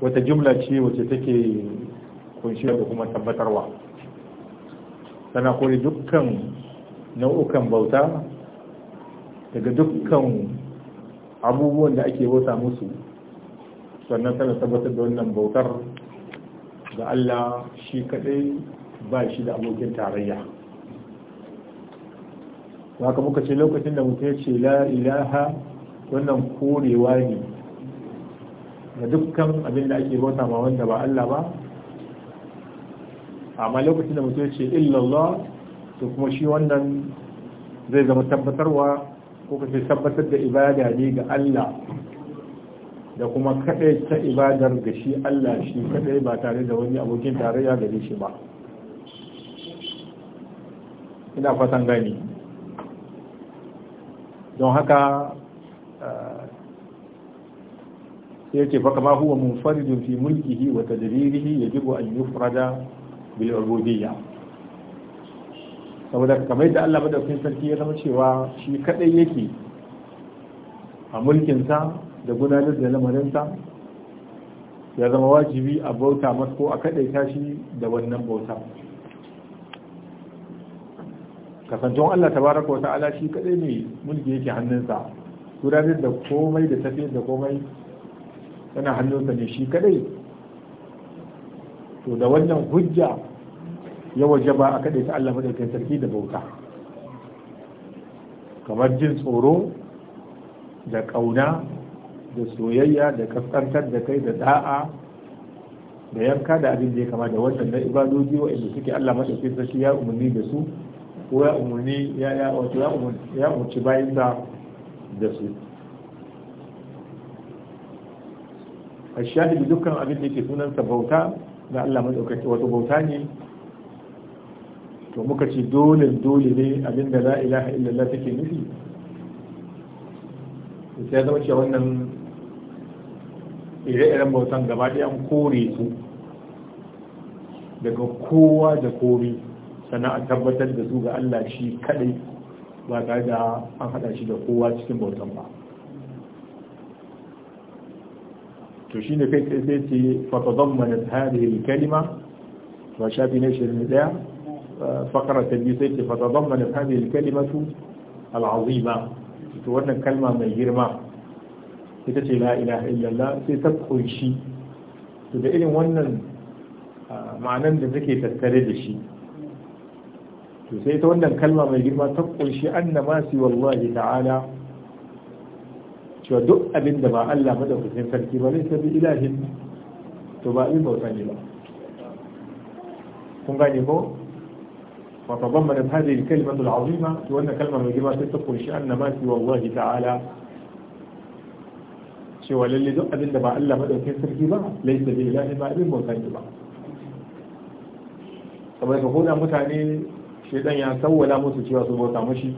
wata jumla ce wacce take kunshi da kuma tabbatarwa tana kore dukkan nau'ukan bauta daga dukkan abubuwan da ake bauta musu sannan tana tabbatar da wannan bautar da Allah shi kadai ba shi da abokin tarayya haka muka ce lokacin da mutum ya ce la ilaha wannan korewa ne da dukkan abin da ake bauta ma wanda ba Allah ba amma lokacin da mutum ce illallah to kuma shi wannan zai zama tabbatarwa ko kace tabbatar da ibada ne ga Allah da kuma kadai ta ibadar ga shi Allah shi kadai ba tare da wani abokin tarayya gare shi ba ina fatan gani don haka sai ce fa kama huwa munfaridun fi mulkihi wa tadbirihi yajibu an yufrada bil ubudiyya saboda kamar yadda Allah madaukakin sarki ya zama cewa shi kadai yake a mulkinsa da gudanar da lamarinsa ya zama wajibi a bauta masa ko a ta shi da wannan bauta kasancewa Allah tabaraka ta'ala shi kadai ne mulki yake hannunsa gudanar da komai da tafiyar da komai tana hannunsa ne shi kadai to da wannan hujja ya waje ba a kadai ta Allah madaukakin sarki da bauta kamar jin tsoro da kauna da soyayya da kaskantar da kai da da'a da yanka da abin da ya kama da wannan na ibadoji inda suke Allah madaukakin sarki ya umarni da su ko ya umarni ya ya umarci bayan da su a shahidi dukkan abin da yake sunansa bauta ga Allah madaukaki wato bauta ne to muka ce dole dole ne abin da la ilaha illallah take nufi sai ya zama cewa wannan ire-iren bautan gaba ɗaya an kore su daga kowa da kore sana'a tabbatar da su ga Allah shi kaɗai ba tare da an haɗa shi da kowa cikin bautan ba to shine kai sai ce fa tadammanat hadhihi al-kalima wa shafi ne shi ne da fakara ta biyu sai ce fa tadammanat hadhihi al su al-azima to wannan kalma mai girma ita ce la ilaha illallah sai ta kunshi to da irin wannan ma'anan da take tattare da shi to sai ta wannan kalma mai girma ta kunshi annama si wallahi ta'ala cewa duk abin da ba Allah madaukakin sarki ba ne sabi ilahin to ba abin bauta ne ba kun gane ko wa tabammana hadhihi al-kalimatu al-azima to wannan kalma mai girma sai ta kunshi annama fi wallahi ta'ala cewa lalle duk abin da ba Allah madaukakin sarki ba laisa bi ilahin ba abin bauta ne ba saboda ko da mutane shedan ya sawwala musu cewa su bauta mashi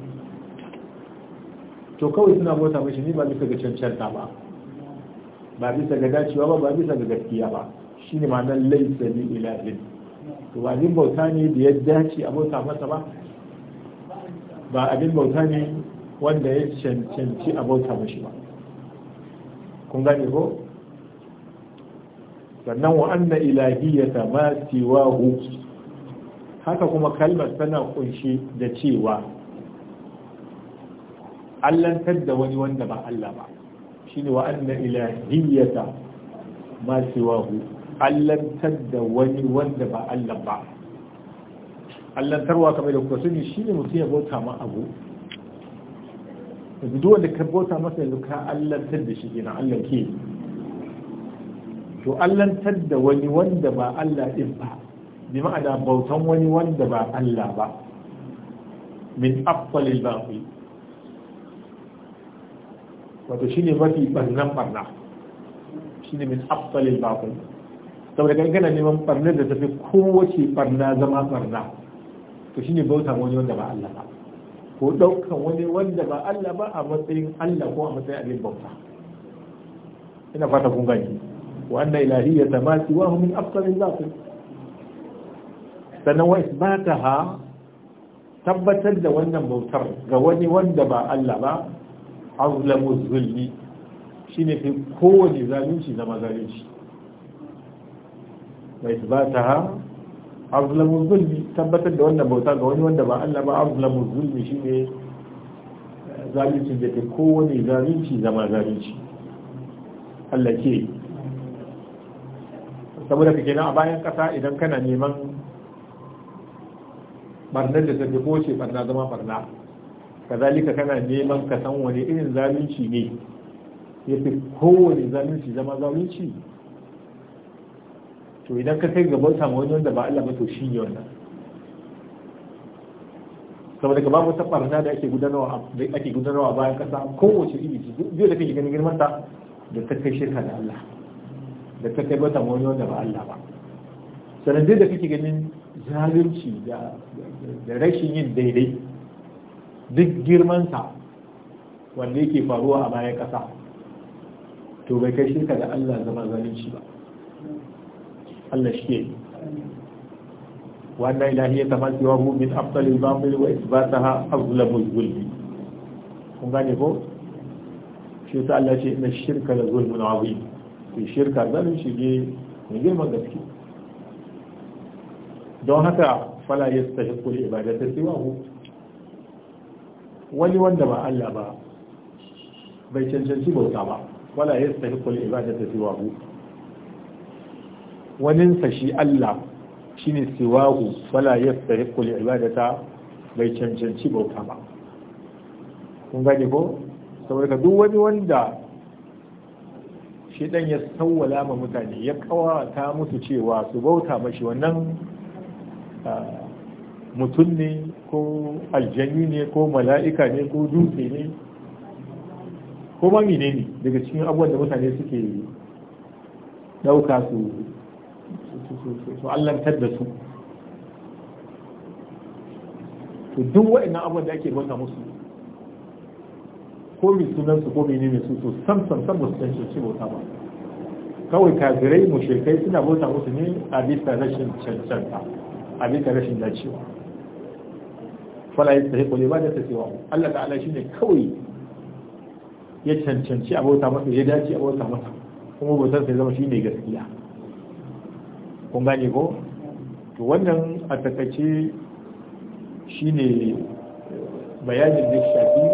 to kawai suna bauta mashi ne ba bisa ga cancanta ba ba bisa ga dacewa ba ba bisa ga gaskiya ba ne ma'anar laisa li ilahin to ba abin bauta ne da ya dace a bauta masa ba ba abin bauta ne wanda ya cancanci a bauta mashi ba kun gane ko sannan wa anna ilahiyata ma siwahu haka kuma kalmar tana kunshi da cewa allantar da wani wanda ba Allah ba shine wa anna ilahiyyata ma siwahu allantar da wani wanda ba Allah ba allantarwa kamar da kuka sani ne mutum ya bauta ma abu duk wanda ka bauta masa yanzu ka allantar da shi kenan Allah ke to allantar da wani wanda ba Allah din ba bi ma'ana bautan wani wanda ba Allah ba min afdalil baqi wato ne mafi barnan barna ne min afsalin bakun saboda kan gana neman barnar da tafi kowace barna zama barna to shi ne bauta wani wanda ba Allah ba ko ɗaukan wani wanda ba Allah ba a matsayin Allah ko a matsayin abin bauta ina fata kun gani wa anna ilahiyata ma siwahu min afsalin bakun sannan wa isbataha tabbatar da wannan bautar ga wani wanda ba Allah ba azlamu zulmi shine fi kowane zalunci zama zalunci mai ha azlamu zulmi tabbatar da wannan bauta ga wani wanda ba Allah ba azlamu zulmi shine zalunci da fi kowane zalunci zama zalunci Allah ke saboda kake nan a bayan kasa idan kana neman barnar da ta fi koce barna zama barna kazalika kana neman ka san wani irin zalunci ne ya fi kowane zalunci zama zalunci to idan ka kai gaban samu wani wanda ba Allah ba to shi ne wannan saboda ka babu wata barna da ake gudanarwa da ake gudanarwa bayan kasa kowace iri zai da kake ganin girman ta da ta kai shirka da Allah da ta kai bata wani wanda ba Allah ba sannan da kake ganin zalunci da rashin yin daidai duk girmansa wanda yake faruwa a bayan ƙasa to bai kai shirka da Allah zama zalunci ba Allah shi yi wannan ilahiyar ta masu yawa min afdalil zamuli wa isbata ha azulabul zulmi kun gane ko shi ta Allah ce na shirka da zulmun azim to shirka zalunci ne mai girman gaske don haka fala yastahiqu li ibadati siwahu wani wanda ba Allah ba bai cancanci bauta ba wala yastahiqu al-ibadata siwahu wani sa shi Allah shine siwahu wala kwallo al-ibadata bai cancanci bauta ba kun gani ko saboda duk wani wanda shi dan ya tsawwala ma mutane ya kawata musu cewa su bauta mashi wannan ah, mutum ne ko aljani ne ko mala'ika ne ko dutse ne ko ma mine ne daga cikin abubuwan da mutane suke ɗauka su su allantar da su to duk waɗannan abubuwan da ake bauta musu ko mai sunan su ko mene ne su to sam sam sam musu su cancanci bauta ba kawai kafirai mushrikai suna bauta musu ne a bisa rashin cancanta a bisa rashin dacewa fala yastahiqu al ta siwahu Allah ta'ala ne kawai ya cancanci abota masa ya dace abota masa kuma bautar sai zama shi ne gaskiya kun gane ko to wannan a takaice ne bayanin da shafi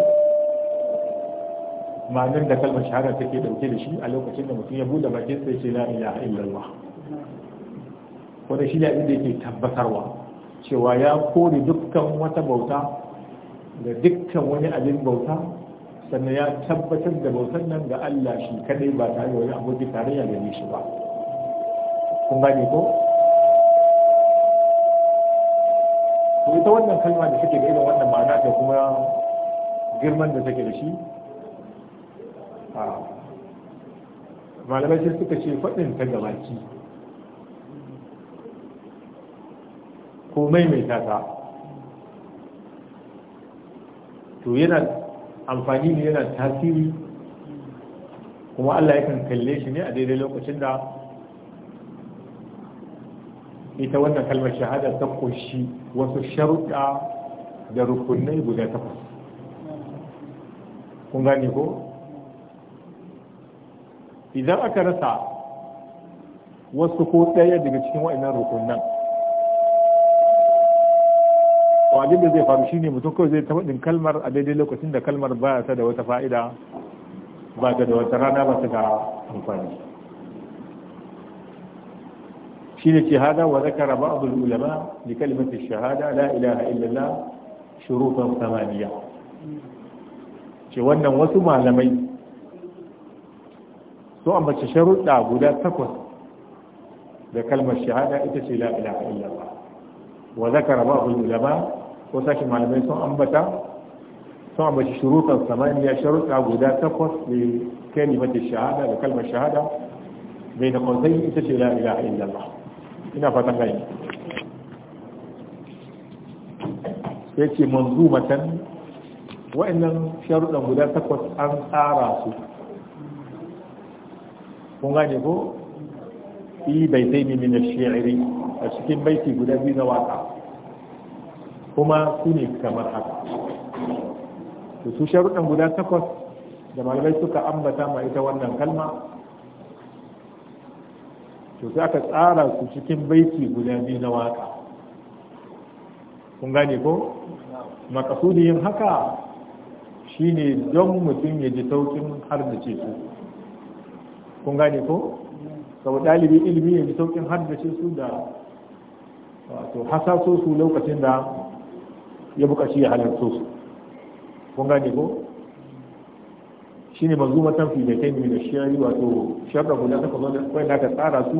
ma'anar da kalmar shahara take dauke da shi a lokacin da mutum ya bude bakin sai ce la ilaha illallah wannan shi ne abin da yake tabbatarwa cewa ya kore duk dukkan wata bauta da dukkan wani abin bauta sannan ya tabbatar da bautar nan ga Allah shi kadai ba tare da wani da tarayya gare shi ba kun gane ko to ita wannan kalma da take da irin wannan ma'ana da kuma girman da take da shi malamai sai suka ce faɗin ta gabaki ko maimaita ta to yana amfani ne yana tasiri kuma Allah ya kan kalle shi ne a daidai lokacin da ita wannan kalmar shahada ta kunshi wasu sharuɗa da rukunai guda takwas kun gane ko idan aka rasa wasu ko ɗaya daga cikin wa'inan rukunan abin da zai faru shi ne mutum kawai zai taɓa ɗin kalmar a daidai lokacin da kalmar ba ta da wata fa’ida ba ta da wata rana ba ta ga amfani shi ne shahada wa zaka raba abin ulama da kalmata shahada la ilaha illallah shurutan samaniya ce wannan wasu malamai so a mace sharuɗa guda takwas da kalmar shahada ita ce la ilaha illallah wa zaka raba abin ulama ko sashi malamai sun ambata sun ambaci shurutan samaniya sharuɗa guda takwas da mace shahada da kalmar shahada mai da kwanzai ita ce la ilaha illallah ina fatan gani ya ce matan wa'annan sharuɗan guda takwas an tsara su kun gane ko yi bai taimi min shi'iri a cikin baiti guda biyu na wata. kuma su ne kamar haka to su sharuɗan guda takwas da malamai suka ambata ma ita wannan kalma to sai aka tsara su cikin baiti guda biyu na waka kun gane ko makasudiyin haka shine don mutum ya ji saukin har da ce su kun gane ko sau ɗalibi ilimi ya ji saukin har da ce su da wato hasaso su lokacin da ya bukaci ya halarto su kun gane ko shine manzuma tan fi baitain min ash-shari wato sharra guda ta kuma kai da ka tsara su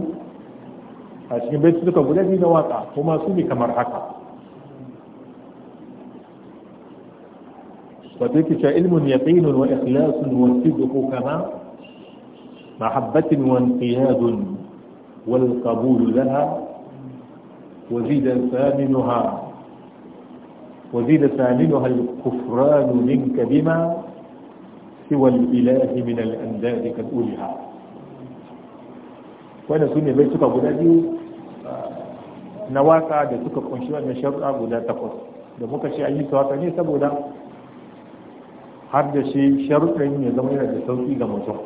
a cikin baitu suka guda biyu na waka kuma su ne kamar haka wato yake cewa ilmun yaqinun wa ikhlasun wa sidqu kama mahabbatin wa inqiyadun wal qabul laha wa zidan thaminuha وزيد ثامنها الكفران منك بما سوى الإله من الأنداد قد أولها وأنا سنة بيت سكة أبو داديو نواكا دا سكة قنشوة نشرع أبو دا تقص دا موكا شيء أي سواء تنية سبو دا شيء شرع أن يزمي لدى سوكي دا مجوع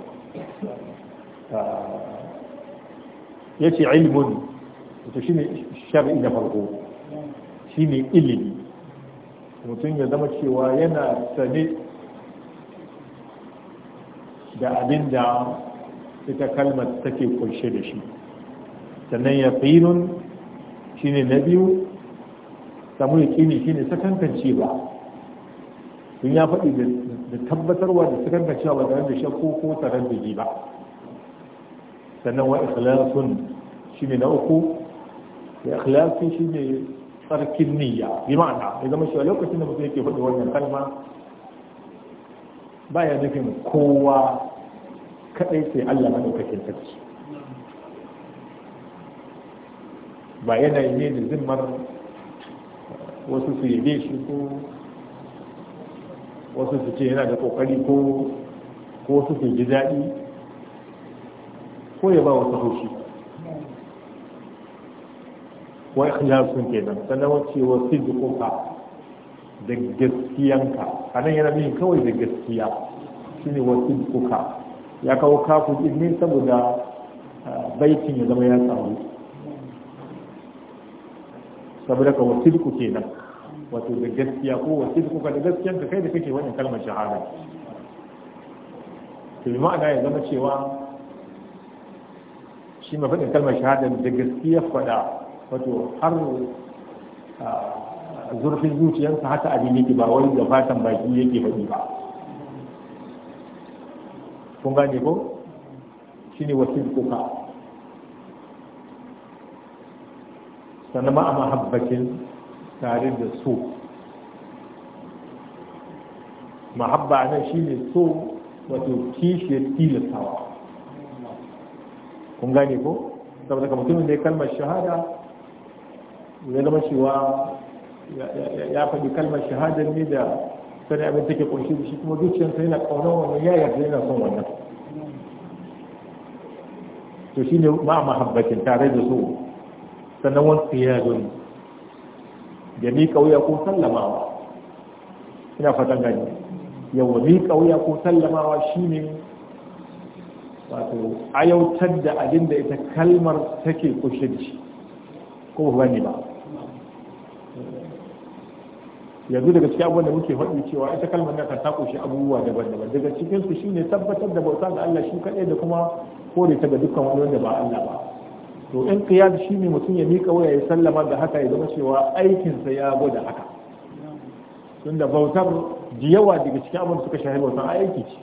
آه، يشي علم وتشيني شرع إلى فرقو شيني إلي mutum ya zama cewa yana sane da abin da ita kalmar take kunshe da shi sannan ya finun shi ne na biyu samu ya kini shi ne sakankanci ba sun ya faɗi da tabbatarwa da sakankanci ba tare da shakko ko tare da ba sannan wa ikhlasun shi ne na uku ya ikhlasun shi ne Sarkin niyya bi ma'ana ya zama shi a lokacin da mutum yake faɗi wannan kalma ba ya nufin kowa kaɗai sai Allah ta sarki ba yanayi ne da zimmar eh, wasu su yabe shi ko wasu su ce yana da ƙoƙari ko wasu su ji daɗi ko ya ba wasu hoshi wa ikhlasun kenan sannan wace wa sidquka da gaskiyanka anan yana bin kawai da gaskiya shine wa sidquka ya kawo kafu idni saboda ah, baitin ya zama ya tsaro saboda ka wa sidqu kenan wato da gaskiya ko wa sidquka da gaskiyanka kai da kake wannan kalmar shahada to bi ma'ana ya zama cewa shi mafaɗin kalmar shahada da gaskiya faɗa wato har zurfin zuciyarsa haka abin yake ba wani da fatan baki yake faɗi ba kun gane ko shine wasu kuka sannan ma a mahabbacin tare da so mahabba nan shine so wato kishiyar tilastawa kun gane ko saboda kamar mutumin da ya kalmar shahada ya zama cewa ya faɗi kalmar shahadar ne da sani abin take kunshi da shi kuma zuciyarsa yana ƙaunar wannan ya yarda yana son wannan to shine ma mahabbacin tare da su sannan wansu ya gani da mi kauya ko sallamawa ina fatan gani yawa mi kauya ko sallamawa shine wato ayautar da abin da ita kalmar take kushe da shi ko ba ne ba yanzu daga cikin abubuwan da muke faɗi cewa ita kalmar nan kan ta shi abubuwa daban-daban daga cikin su shine tabbatar da bauta ga Allah shi kaɗai da kuma kore ta ga dukkan wani wanda ba Allah ba to in qiyad ne mutum ya mika waya ya sallama da haka ya zama cewa aikin sa ya gwada haka tunda bautar da yawa daga cikin abin da suka shahi bautar aiki ce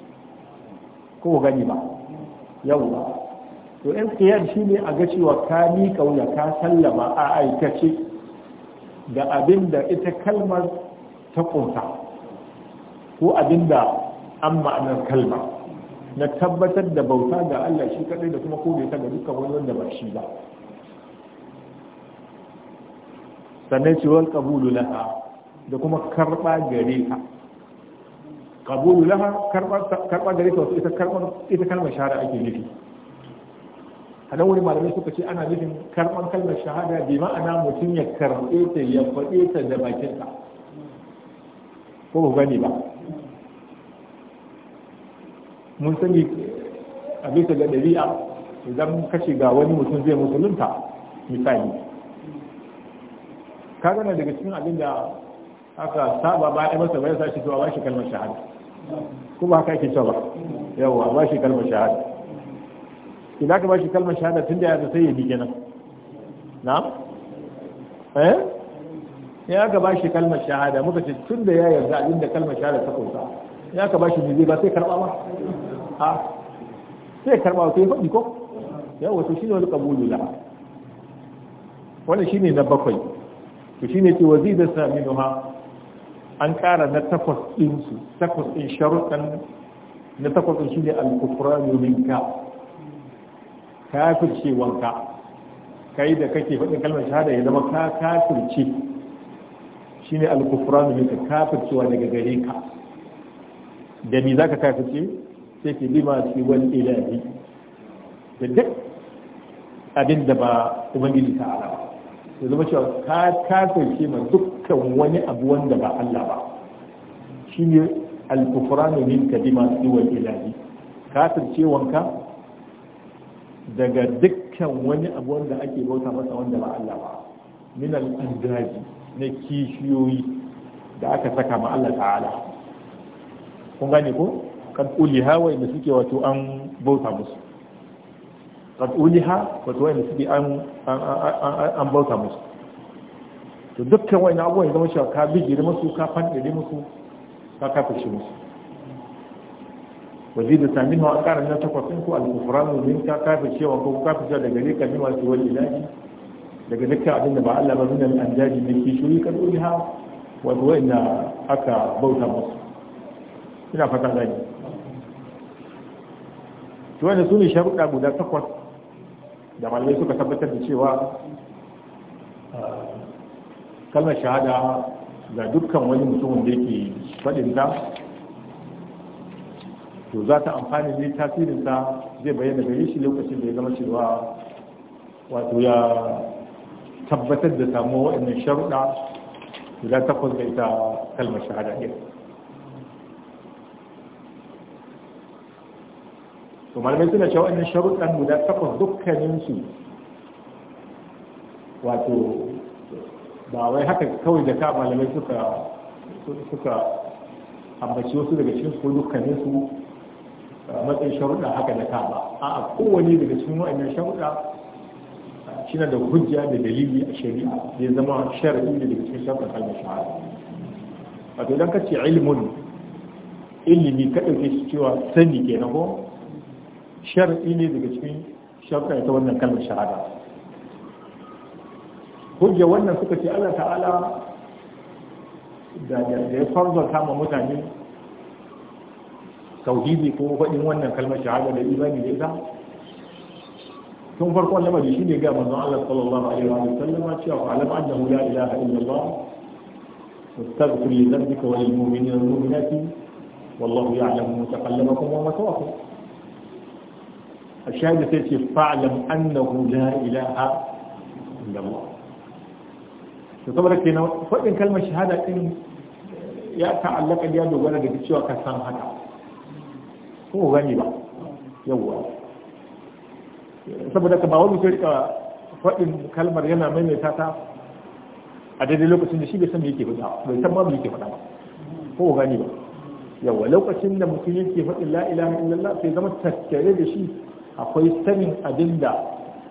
ko gani ba yawa to in qiyad ne a ga cewa ka mika waya ka sallama a aikace da abin da ita kalmar ta ƙunsa ko abinda an ma'anar kalma na tabbatar da bauta ga Allah shi kaɗai da kuma kore ta ga dukkan wani wanda ba shi ba sannan ce wal na laha da kuma karɓa gare ka ƙabulu laha karba karba gare ka ita ita kalmar shahada ake nufi a nan wani malamai suka ce ana nufin karɓar kalmar shahada bi ma'ana mutum ya karɓe ta ya faɗe ta da bakinsa ko ba gani ba mun sani a bisa ga ɗabi'a idan ka ce ga wani mutum zai musulunta misali ka gana daga cikin abin da aka saba ba a masa bayan sashi cewa ba shi kalmar shahada ko ba haka ake cewa ba yawa ba shi kalmar shahada idan ka ba shi kalmar shahada tun da ya sai ya bi kenan na? eh sai aka ba shi kalmar shahada muka ce tun da ya yarda abinda kalmar shahada ta kauta ya aka ba shi ne zai ba sai karba ba a sai karba sai faɗi ko ya wato ne wani kabulu wani shi ne na bakwai to shi shine ce wazida saminuha an kara na takwas ɗin su takwas ɗin sharuɗan na takwas din shine al-kufranu minka ka kai da kake faɗin kalmar shahada ya zama ka kafirce shine al da minka kafircewa daga gare ka da me zaka kafirce sai ke bima fi wal ilahi da duk abin da ba ubangiji ta ala ba zama cewa ka kafirce ma dukkan wani abu wanda ba Allah ba shine al-kufranu minka bima fi wal ilahi kafircewanka daga dukkan wani abu wanda ake bauta masa wanda ba Allah ba min al-andaji na kishiyoyi da aka saka ma Allah ta'ala kun gane ko kan uliha wa inda suke wato an bauta musu kan uliha wato wa inda suke an bauta musu to dukkan wani abuwa ya zama cewa ka bijiri musu ka da musu ka shi musu wazidu samin wa ƙarar na takwasin ko al-kufranu min ka kafashewa ko kafashewa daga ne ka min wasu wani ilahi daga dukkan abin da ba Allah ba zunan anjaji da ke shuri kan ha wato ina aka bauta musu ina fata zai to wanda su ne sharuɗa guda takwas da malamai suka tabbatar da cewa ah, kalmar shahada ga dukkan wani mutumin da yake faɗin to za ta amfani ne tasirinsa zai bayyana gare shi lokacin da ya zama cewa wato ya tabbatar da samuwa waɗannan sharuɗa guda takwas da ita kalmar shahada ɗin to malamai suna cewa waɗannan sharuɗan guda takwas dukkaninsu wato ba wai haka kawai da ka malamai suka suka ambaci wasu daga cikin ko dukkaninsu matsayin sharuɗa haka da ka ba a kowane daga cikin waɗannan sharuɗa shi da hujja da dalili a shari'a ya zama shar'i da daga cikin shafin kalmar shahada wato idan ka ce ilimin ilimi ka ɗauke shi cewa sani ke na ko shar'i ne daga cikin shafin ta wannan kalmar shahada hujja wannan suka ce allah ta'ala da ya farzanta kama mutane tauhidi ko faɗin wannan kalmar shahada da imani da ita tun farkon lamari shine ga manzon Allah sallallahu alaihi wa sallam cewa fa alam annahu la ilaha illallah wastaghfir li dhanbika wa lil mu'minina wal mu'minati wallahu ya'lamu mutaqallabakum wa mathwaakum الشاهد سيتي فاعلم أنه لا إله إلا الله تصور كنا فإن كلمة شهادة إن يتعلق اليد ولا قد تشوى كسام هذا هو غني بقى يوه saboda ka ba wani sai ka faɗin kalmar yana maimaita ta a daidai lokacin da shi bai san yake faɗa bai san ma yake faɗa ba ko gani ba yawa lokacin da mutum yake faɗin la ilaha illallah sai zama tattare da shi akwai sanin abin da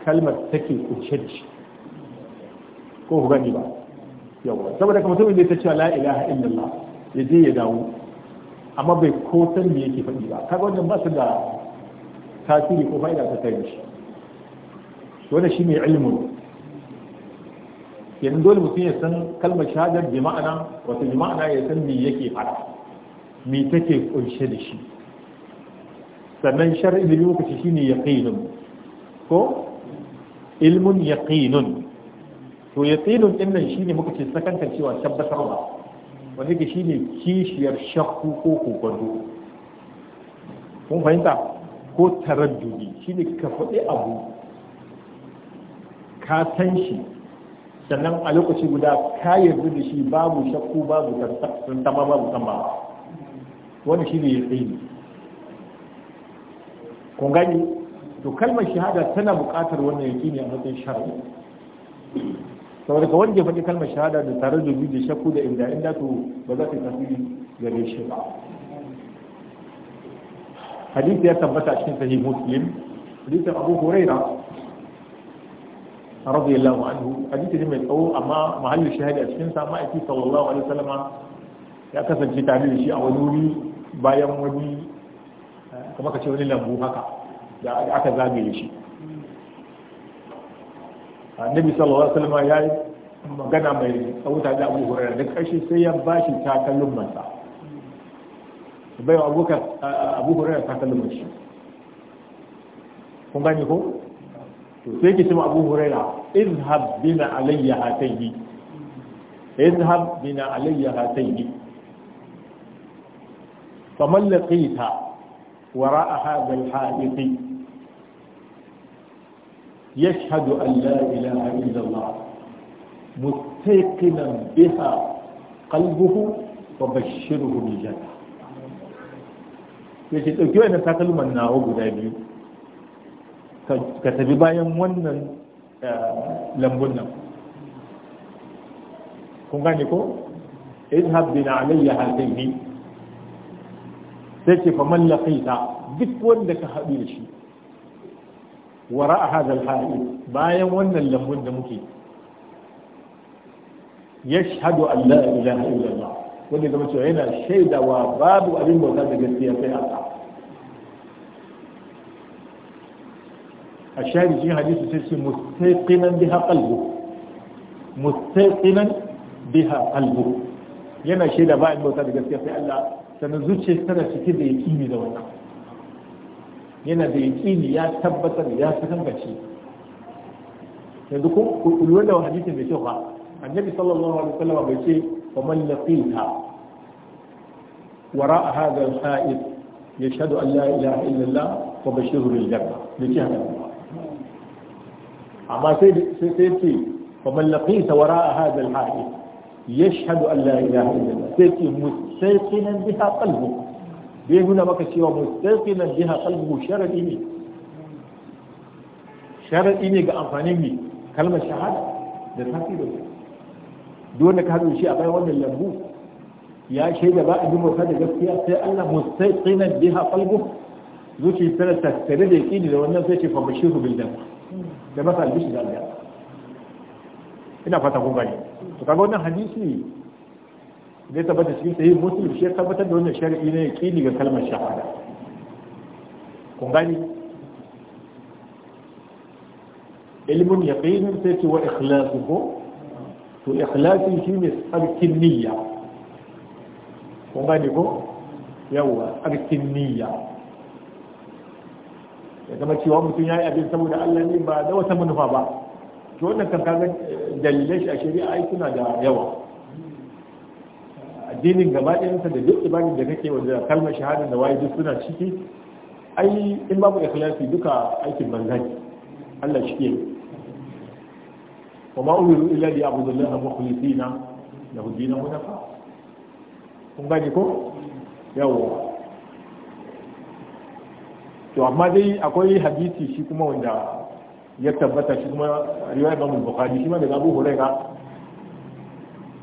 kalmar take kunshe da shi ko ku gani ba yawa saboda ka mutumin da ya cewa la ilaha illallah ya je ya dawo amma bai ko san me yake faɗi ba kaga wannan ba su da tasiri ko fa'ida ta kai shi wannan shine ilmun yanzu dole mutum ya san kalmar shahadar jima'a ma'ana wato jima'a na ya san me yake fara? me take kunshe da shi sannan shar'i da lokaci ne yaqinun ko ilmun yaqinun to yaqinun din nan shine muka ce sakankan cewa tabbatarwa wanda ke ne kishiyar shakku ko kokonto kun fahimta ko taraddudi shine ka faɗi abu ka san shi sannan a lokaci guda ka yarda da shi babu shakku babu tantama babu tambama wani shi ne ya tsaye kun gani to kalmar shahada tana buƙatar wannan ne a matsayin shari'a saboda ka wanda ya faɗi kalmar shahada da tare da da shakku da inda inda to ba za ta yi tasiri gare shi ba hadisi ya tabbata cikin sahih muslim hadisin abu huraira radiyallahu anhu hadisi ne mai tsawo amma mahallin shahada cikin sa ma'aiki sallallahu alaihi wasallama ya kasance tare da shi a wani wuri bayan wani eh, kamar ka ce wani lambu haka da aka zagaye shi annabi sallallahu alaihi wasallama ya magana mai tsawuta da abu hurairar da ƙarshe sai ya ba shi takallin masa bai eh, abu hurairar takallin mashi kun gani ko to sai ki cima abu hurairar izhab bina alayya hatayhi izhab bina alayya hatayhi faman laqita wara'a hadha al-ha'iqi yashhadu an la ilaha illa Allah muttaqinan biha qalbuhu wa bashiruhu bil jannah yace dauki wannan takalman nawa guda biyu ka tafi bayan wannan Eh, lambun nan kun gane ko idhab bi alayya hadhihi sai ce fa man laqita duk wanda ka haɗu da shi wara a hadal hali bayan wannan lambun da muke ya shahadu Allah ilaha illallah wanda zama cewa yana shaidawa babu abin bauta da gaskiya sai Allah a shari shi hadisi sai ce mustaqinan biha qalbu mustaqinan biha qalbu yana shaida ba in bauta da gaskiya sai Allah sannan zuciya tana cike da yaqini da wannan yana da yaqini ya tabbatar ya tantance yanzu ku lura da hadisin da kyau ba annabi sallallahu alaihi wasallam bai ce wa man laqita wara'a hadha al-ha'id yashhadu haka أما سيتي ومن لقيت وراء هذا الحائل يشهد أن لا إله إلا الله سيتي مستيقنا بها قلبه بيهنا بك سوى مستيقنا بها قلبه شرعيني شرعيني كأنفاني كلمة شهادة لتحكي بك دونك هذا شيء أبي وانا اللبو يا شيء جباء جمهور كان يقول أن مستيقنا بها قلبه ذو شيء ثلاثة ثلاثة يكيني لو أنه سيتي فمشيه بالنفس da masa albishi da aljanna ina fata kun gani to kaga wannan hadisi zai tabbata cikin sahih muslim shi tabbatar da wannan shar'i ne kili ga kalmar shahada kun gani ilmun yaqinin sai ce wa to ikhlasi tsarkin niyya kun gani ko tsarkin niyya zama cewa mutum ya yi abin saboda Allah ne ba da wata manufa ba to wannan kan kaga eh, dalilai shi a shari'a ai suna da yawa addinin gaba ɗayansa da duk ibadin da kake wanda kalmar shahada da waye duk suna ciki ai in babu ikhlasi duka aikin banza ne Allah shi ke kuma ma umiru illa li abudu Allah mukhlisina lahu dinahu nafa kun gane ko yawa to amma dai akwai hadisi shi kuma wanda ya tabbata shi kuma riwaya ba Imam Bukhari shi ma daga Abu Huraira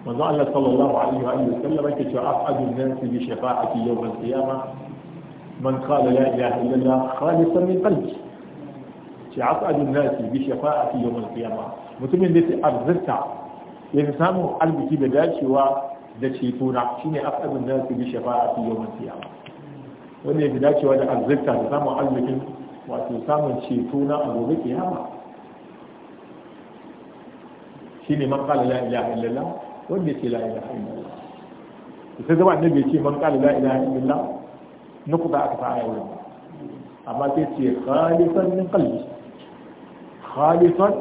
manzo Allah sallallahu alaihi wa alihi wasallam yake cewa afadun nas bi shafa'ati yawm al qiyama man qala la ilaha illallah khalisan min qalbi ce afadun nas bi shafa'ati yawm al qiyama mutumin da yake arzuta ya samu albiki da dacewa da cetona shine afadun nas bi shafa'ati yawm al qiyama wani ya fi dacewa da arzikta da samun arzikin wato samun ceto na a gobe kiyama shi ne man kala la ilaha illallah wanda ya ce la ilaha illallah sai zama annabi ce man kala la ilaha illallah na kuka aka fara yau amma sai ce khalifan min qalbi khalifan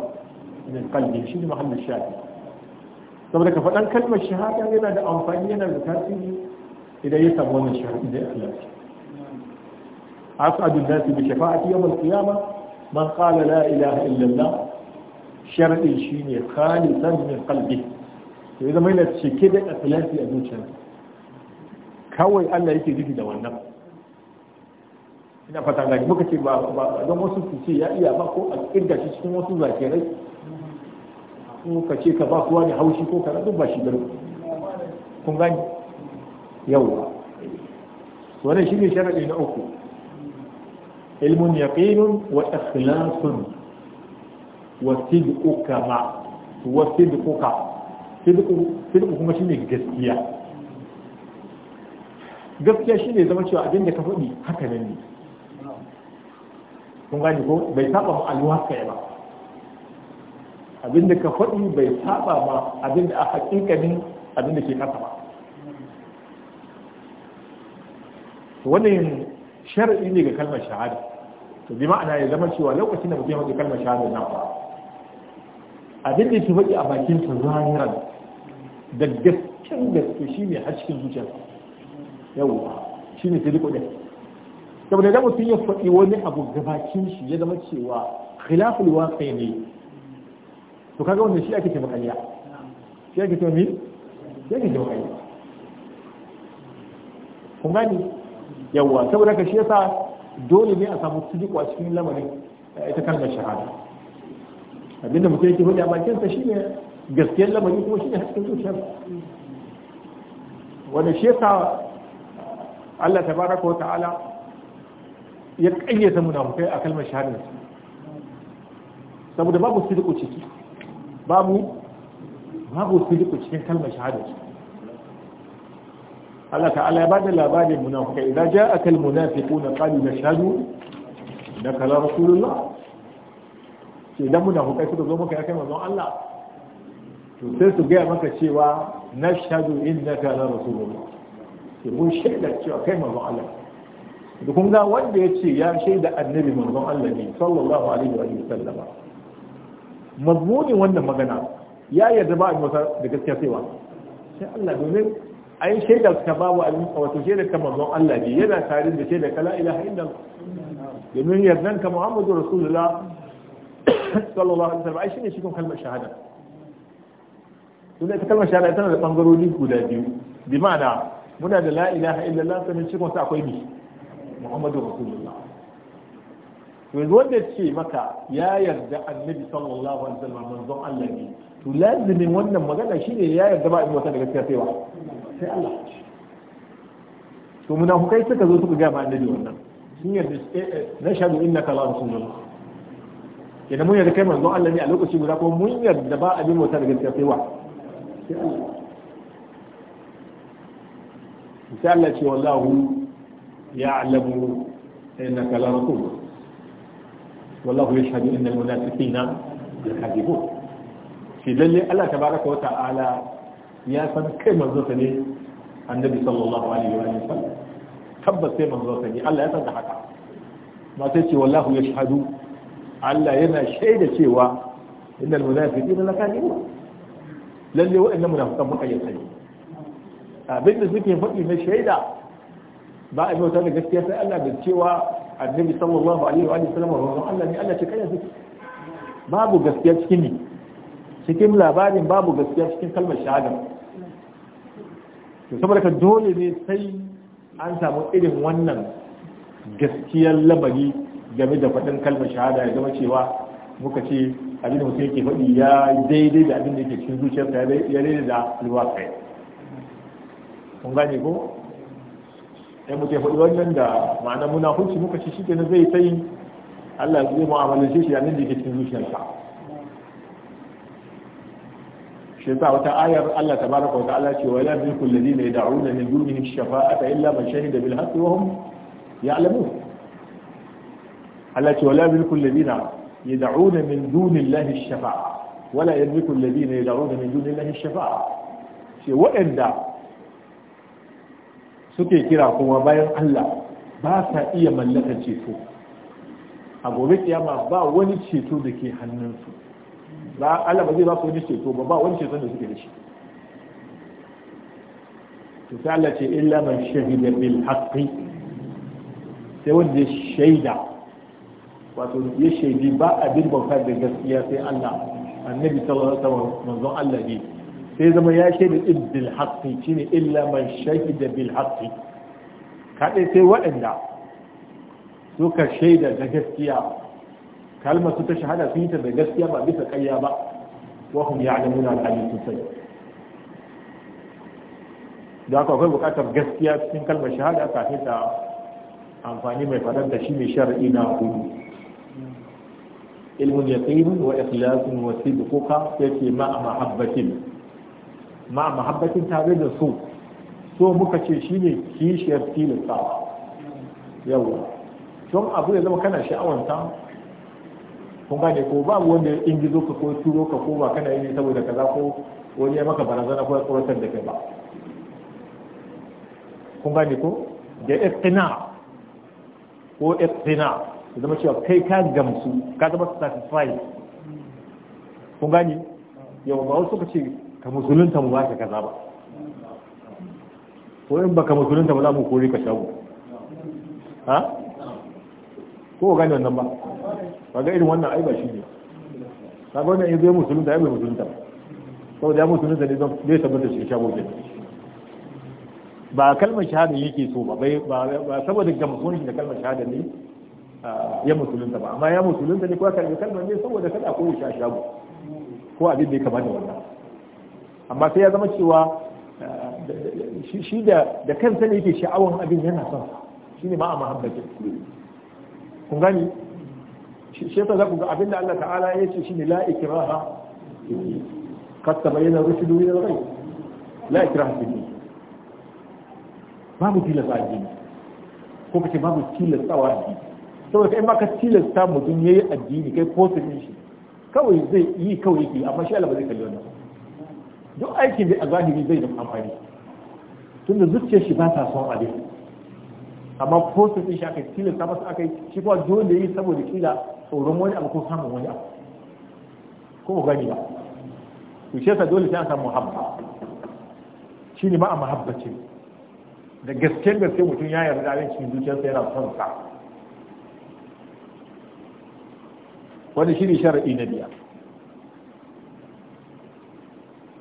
min qalbi shi ne mahallin shafi saboda ka faɗan kalmar shahada yana da amfani yana da tasiri idan ya samu wannan shahada da ikhlasi أسعد الناس بشفاعة يوم القيامة من قال لا إله إلا الله شرع الشيني خالصا من قلبه إذا ما يلتشي كده أثلاثي أدوشا kawai Allah yake nufi da wannan ina fata ga muka kace ba don wasu su ce ya iya ba ko a kirga shi cikin wasu zakirai ko kace ka ba kuwa da haushi ko kana duk ba shi kun gani yawa wannan shine sharadi na uku ilmun yaqinun wa ikhlasun wa sidquka ma wa sidquka sidqu sidqu kuma shine gaskiya gaskiya shine zama cewa abin da ka faɗi haka nan ne kun gane ko bai saba ma alwaka ba abinda ka faɗi bai saba ma abinda a hakika abin abinda ke kasa ba wannan shar'i ne ga kalmar shahada to bi ma'ana ya zama cewa lokacin da mutum ya faɗi kalmar shahada na abin da yake faɗi a bakin sa zahiran da gasken gaske shine har cikin zuciya yawa shine sai duk saboda da mutum ya faɗi wani abu gabakin shi ya zama cewa khilaful waqi ne to kaga wannan shi ake cewa kariya shi ake cewa ni shi ake cewa kuma kun gani yawa saboda ka shi yasa dole ne a samu sidiku a cikin lamarin eh, ita kalmar shahada abinda mutum yake hudu a bakinsa shi ne gaskiyar lamarin kuma shi ne hasken zuciyar wanda shi yasa eh, Allah tabaraka wa ta'ala ya kayyata munafukai a kalmar shahada saboda babu sidiku ciki babu babu cikin kalmar ciki Allah ta'ala ya bada labarin munafika idza ja'aka almunafiquna qalu nashhadu innaka la rasulullah sai dan munafikai suka zo maka ya kai manzon Allah to sai su gaya maka cewa nashhadu innaka la rasulullah sai mun shaida cewa kai manzon Allah da kun ga wanda ya ce ya shaida annabi manzon Allah ne sallallahu alaihi wa sallama mazmunin wannan magana ya yarda ba a yi masa da gaskiya cewa, sai Allah domin ai shaidar ta babu a wato da ta manzon Allah ne yana tare da da kala ilaha illallah domin yardan ka Muhammadu Rasulullah sallallahu alaihi wasallam ai shine cikin kalmar shahada to da kalmar shahada tana da bangarori guda biyu bi ma'ana muna da la ilaha illallah sannan cikin sa akwai ni Muhammadu Rasulullah to yanzu wanda ce maka ya yarda annabi sallallahu alaihi wasallam manzon Allah ne to lazimin wannan magana shine ya yarda ba in wata da gaskiya sai wa sai Allah to munafukai suka zo suka ga ma annabi wannan sun yarda eh, eh, na shahadu innaka la rasulullah idan mun yarda kai manzon Allah ne a lokaci guda ko mun yarda ba abin wata da gaskiya sai wa sai Allah sai Allah ce wallahu ya'lamu innaka la rasul wallahu yashhadu innal munafiqina yakadibun ce lalle Allah tabaraka wa ta'ala ya san kai manzo sa ne annabi sallallahu alaihi wa sallam tabbas sai manzo sa ne Allah ya san da haka ma sai ce wallahu yashhadu Allah yana shaida cewa innal munafiqina lakadibun lalle wa'annan munafiqan muka yi sani abin da suke faɗi na shaida ba a yi bauta da gaskiya sai Allah da cewa annabi sallallahu alaihi wa sallam wa Allah ne Allah ce kai suke babu gaskiya cikin ni cikin labarin babu gaskiya cikin kalmar shahada to saboda ka dole ne sai an samu irin wannan gaskiyar labari game da faɗin kalmar shahada ya zama cewa muka ce abin da mutum yake faɗi ya daidai da abin da yake cikin zuciyarsa ya daidai da kai kun gane ko sai mutum ya faɗi wannan da ma'ana muna hunci muka ce shi ke zai sai Allah zai mu'amalance shi abin da yake cikin zuciyarsa shi yasa wata ayar Allah tabaraka wa ta'ala ce wala yamliku alladhina yad'una min dunihim shafa'ata illa man shahida bil haqqi wa hum ya'lamun Allah ce wala yamliku alladhina yad'una min dunillahi shafa'a wala yamliku alladhina yad'una min dunillahi shafa'a ce waɗanda suke kira kuma bayan Allah ba sa iya mallakar ceto a gobe kiyama ba wani ceto da ke hannunsu ba Allah ba zai ba su wani ceto ba ba wani ceton ne suke da shi to sai Allah ce illa man shahida bil haqqi sai wanda ya shaida wato ya shaidi ba a bin bauta da gaskiya sai Allah annabi sallallahu alaihi wasallam manzon Allah ne sai zama ya shaida bil haqqi shine illa man shahida bil haqqi kadai sai waɗanda suka shaida da gaskiya kalmar su ta shahada sun yi da gaskiya ba bisa ƙarya ba wa hum ya'lamuna al-hali sosai da haka akwai buƙatar gaskiya cikin kalmar shahada kafin da amfani mai faɗar da shi mai shar'i na hudu ilmun yaqin wa ikhlasun wa sidquka yake ma mahabbatin ma mahabbatin tare da so so muka ce shine kishiyar tilasta yawa don abu ya zama kana sha'awanta kun gane ko babu wanda ya ingizo ka ko turo ka ko ba kana yi saboda za ko wani ya maka barazana ko ya tsoratar da kai ba kun gane ko da iqtina ko iqtina zama cewa kai ka gamsu ka zama satisfy kun gane yau ba wasu ka ce ka musulunta mu ba ka kaza ba ko in baka musulunta ba za mu kori ka shago ha ko gane wannan ba kaga irin wannan ai ba shi ne kaga wannan yanzu ya musulunta ya bai musulunta saboda ya musulunta ne zai saboda shi shago ke ba kalmar shahada yake so ba ba saboda gamsuwan shi da kalmar shahada ne ya musulunta ba amma ya musulunta ne ko kalmar kalmar ne saboda kada ko ya a shago ko abin da ya kamata wannan amma sai ya zama cewa shi da kansa ne yake sha'awan abin yana son shi ne ma a mahabbatin kun gani shi za ku ga abinda Allah ta'ala ya ce shine la ikraha kad tabayyana rushdu min al-ghay la ikraha fi din babu tilasta addini ko kace babu tilasta a addini saboda kai ma ka tilasta mutum yayi addini kai ko tsirin shi kawai zai yi kawai yake amma shi Allah ba zai kalli wannan duk aikin da a zahiri zai da amfani tunda zuciyar shi ba ta son abin amma process din shi aka tilasta masa aka yi shi kuma dole yi saboda kila tsoron wani abu ko samun wani abu ko ba gani ba to shi yasa dole sai an samu muhabba shi ne ma a muhabbace da gaske gaske mutum ya yarda yin cikin zuciyarsa yana son sa wani shi ne shara'i na biya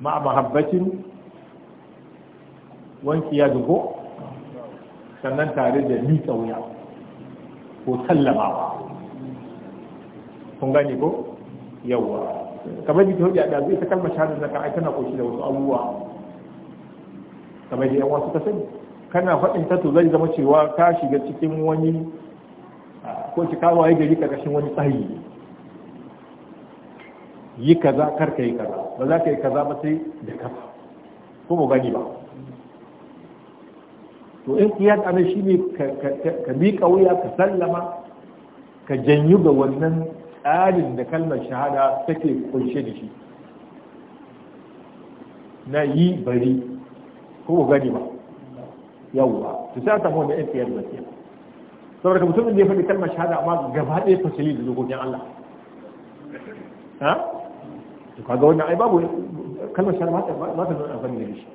ma a muhabbacin wanki ya dubo sannan tare da ni wuya ko sallamawa kun gane ko yawwa kamar jikin hujja da zai ta kalmar shahadar zakar ai tana koshi da wasu abubuwa kamar da wasu ka sani kana faɗin tattu zai zama cewa ka shiga cikin wani ko ci kawo ya gari karkashin wani tsayi yi kaza kar ka yi kaza ba za ka yi kaza ba sai da kafa ko ba gani ba to in kiyas a shi ne ka miƙa wuya ka sallama ka janyu ga wannan tsarin da kalmar shahada take kunshe da shi na yi bari ko gani ba yawwa to sai ta mu da kiyas ba saboda ka mutumin da ya faɗi kalmar shahada amma gaba ɗaya fasali da dokokin Allah ha to kaga wannan ai babu kalmar shahada ba ta zo fannin da shi